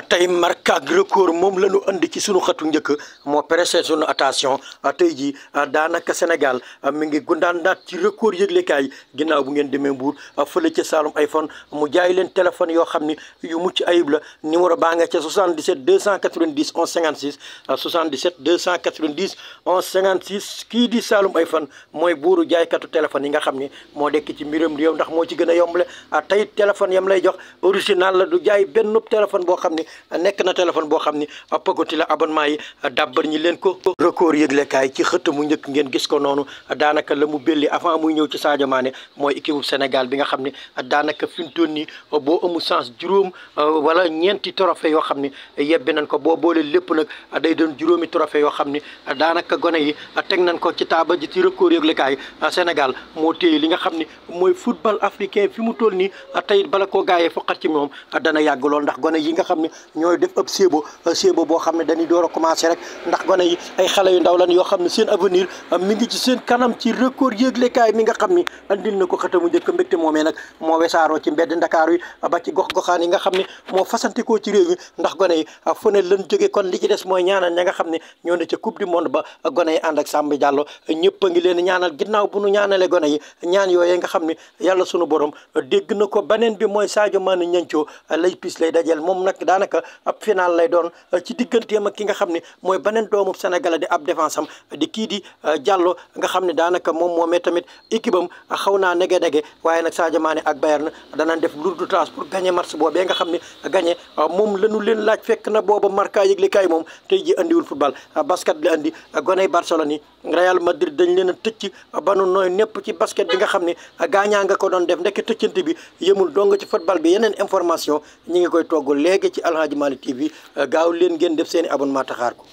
tey marque ak record moom la ñu andi ci sunu xatu njëkk moo pressé sunu attention tey jii daanaka Sénégal mi ngi gundaandaat ci record yëglekaay ginnaaw bu ngeen demee Mbour a ca Saloum iPhone mu jaay leen téléphone yoo xam ni yu mucc ayib la numéro baa nga ca 77 290 11 56 77 290 11 56 kii di Saloum iPhone mooy jaay katu téléphone yi nga xam ni moo dekk ci mbiram réew ndax moo ci gën a yombale tey téléphone yam lay jox original benn téléphone boo xam ni bi nekk na téléphone boo xam ni pagoti la abonnement yi dàbbar ñi leen ko record yëglekaay ci xëtt mu njëkk ngeen gis ko noonu daanaka la mu belli avant muy ñëw ci Sadio Mané mooy équipe bu Sénégal bi nga xam ne daanaka fi mu toll nii boo amul sens juróom wala ñeenti trophée yoo xam ne yebbi nañ ko boo boole lépp nag day doon juróomi trophée yoo xam ne daanaka gone yi teg nañ ko ci taaba ji ci record yëglekaay Sénégal moo téye li nga xam ni mooy football africain fi mu toll nii tey bala ko gaayee foqat ci moom a yàgg lool ndax gone nga xam ne ñooy def ab séebo euh, séebo boo xam ne dañuy door a commencé rek ndax gone yi ay xale yu ndaw lan yoo xam ne seen avenir euh, mi ngi ci seen kanam ci record yëglekaay mi nga xam ni andil na ko xëtamu njëkk mbégte moomee nag moo wesaaroo ci mbedd ndakaaru yi euh, ba ci gox goxaan yi nga xam ne moo fasantikoo ci réew yi fu ne lan jóge kon li ci des mooy ñaanal ña nga xam ne ñoo ne ca coupe du monde ba gone yi ànd ak Samba ñëpp a ngi leen ñaanal ginnaaw bu nu ñaanale gone yi ñaan yooyee nga xam ne yàlla sunu borom dégg na ko beneen bi mooy Sadio Mané a lay pis lay dajel moom nag daanaka ab final lay doon euh, ci digganteem ak ki nga xam ne mooy beneen doomu Sénégal di ab défense am di kii di euh, Diallo nga xam ne daanaka moom moomee tamit équipe am xaw naa nege-nege waaye nag Sadio Mané ak Bayern danañ def lu dul tâche pour gagner match boobee nga xam ne gagner euh, moom lañu leen laaj fekk na booba Marca yëgle kaay moom tey ji andiwul football basket la andi a tëcc ba nu nooy népp bi nga xam ne gaañaa nga ko doon def ndekk tëccante bi yëmul dong ci football bi yeneen information ñi koy togg léegi ci Aladji Malick TV gaaw leen ngeen def seen i abonnement taxaar ko